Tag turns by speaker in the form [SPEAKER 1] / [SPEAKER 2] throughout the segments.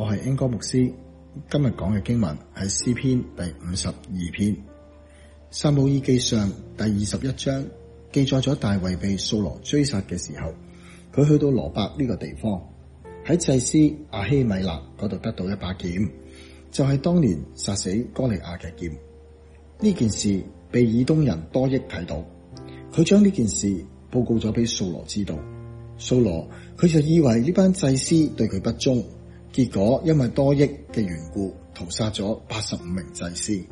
[SPEAKER 1] 我係英哥牧師，今日講嘅經文係詩篇第五十二篇。撒母耳記上第二十一章記載咗大衛被掃羅追殺嘅時候，佢去到羅伯呢個地方，喺祭司亞希米勒嗰度得到一把劍，就係當年殺死歌利亞嘅劍。呢件事被以東人多益睇到，佢將呢件事報告咗俾掃羅知道。掃羅佢就以為呢班祭司對佢不忠。結果因為多益嘅緣故，屠殺咗八十五名祭司，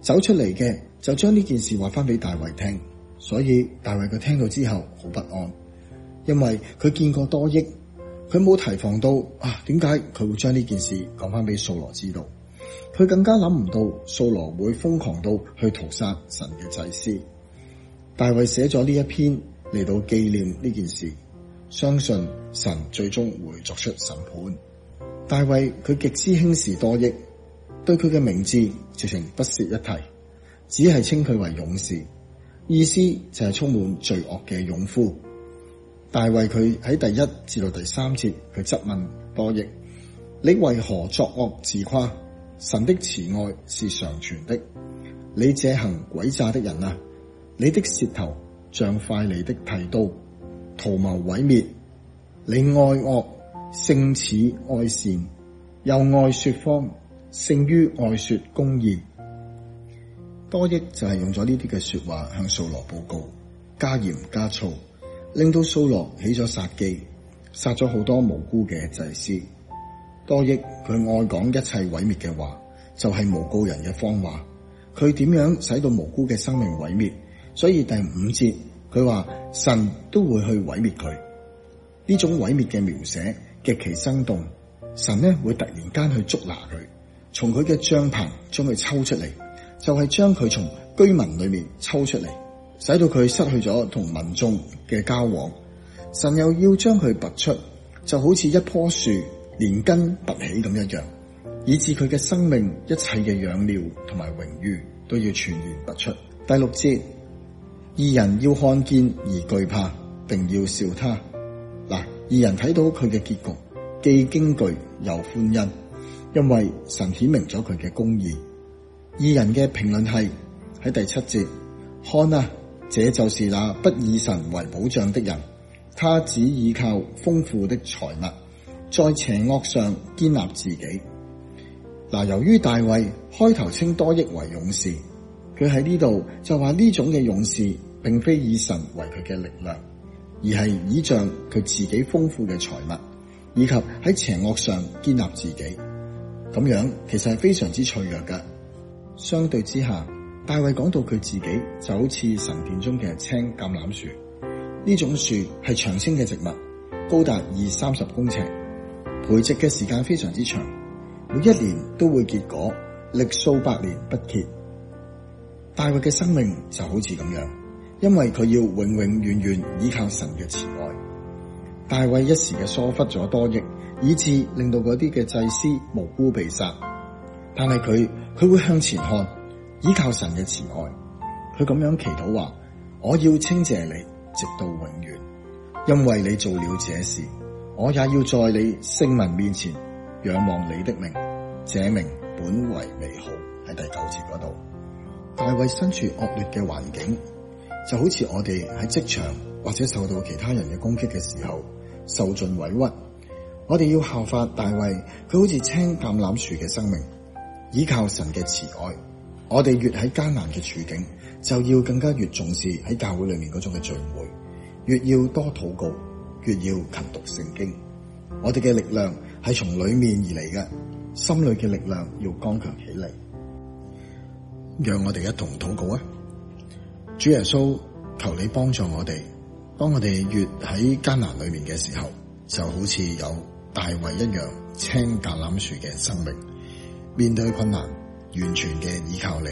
[SPEAKER 1] 走出嚟嘅就將呢件事話翻俾大衛聽。所以大衛佢聽到之後好不安，因為佢見過多益，佢冇提防到啊，點解佢會將呢件事講翻俾掃羅知道？佢更加諗唔到掃羅會瘋狂到去屠殺神嘅祭司。大衛寫咗呢一篇嚟到紀念呢件事，相信神最終會作出審判。大衛佢極之輕視多益，對佢嘅名字直情不屑一提，只係稱佢為勇士，意思就係充滿罪惡嘅勇夫。大衛佢喺第一至到第三節，佢質問多益，你為何作惡自誇？神的慈愛是常存的，你這行詭詐的人啊！你的舌頭像快利的剃刀，圖謀毀滅，你愛惡。勝似愛善，又愛說謊，勝於愛說公義。多益就係用咗呢啲嘅說話向掃羅報告，加鹽加醋，令到掃羅起咗殺機，殺咗好多無辜嘅祭司。多益佢愛講一切毀滅嘅話，就係、是、誣告人嘅謊話。佢點樣使到無辜嘅生命毀滅？所以第五節佢話神都會去毀滅佢，呢種毀滅嘅描寫極其生動，神呢會突然間去捉拿佢，從佢嘅帳棚將佢抽出嚟，就係將佢從居民裏面抽出嚟，使到佢失去咗同民眾嘅交往。神又要將佢拔出，就好似一棵樹連根拔起咁一樣，以致佢嘅生命、一切嘅養料同埋榮譽都要全然拔出。第六節，義人要看見而懼怕，並要笑他。二人睇到佢嘅結局，既驚懼又歡欣，因為神顯明咗佢嘅公義。二人嘅評論係喺第七節，看啊，這就是那不以神為保障的人，他只倚靠豐富的財物，在邪惡上堅立自己。嗱，由於大衛開頭稱多益為勇士，佢喺呢度就話呢種嘅勇士，並非以神為佢嘅力量。而係倚仗佢自己豐富嘅財物，以及喺邪惡上建立自己，咁樣其實係非常之脆弱嘅。相對之下，大衛講到佢自己就好似神殿中嘅青橄欖樹，呢種樹係長青嘅植物，高達二三十公尺，培植嘅時間非常之長，每一年都會結果，歷數百年不竭。大衛嘅生命就好似咁樣。因為佢要永永遠遠依靠神嘅慈愛，大衛一時嘅疏忽咗多益，以致令到嗰啲嘅祭司無辜被殺。但係佢佢會向前看，依靠神嘅慈愛。佢咁樣祈禱話：我要稱謝你，直到永遠，因為你做了這事，我也要在你聖民面前仰望你的名。這名本為美好，喺第九節嗰度。大衛身處惡劣嘅環境。就好似我哋喺職場或者受到其他人嘅攻擊嘅時候，受盡委屈，我哋要效法大衛，佢好似青橄欖樹嘅生命，倚靠神嘅慈愛。我哋越喺艱難嘅處境，就要更加越重視喺教會裏面嗰種嘅聚會，越要多禱告，越要勤讀聖經。我哋嘅力量係從裏面而嚟嘅，心裏嘅力量要剛強起嚟，讓我哋一同禱告啊！主耶穌，求你幫助我哋，當我哋越喺艱難裏面嘅時候，就好似有大衛一樣青橄欖樹嘅生命。面對困難，完全嘅依靠你，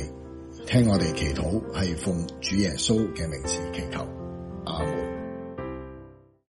[SPEAKER 1] 聽我哋祈禱，係奉主耶穌嘅名字祈求。阿門。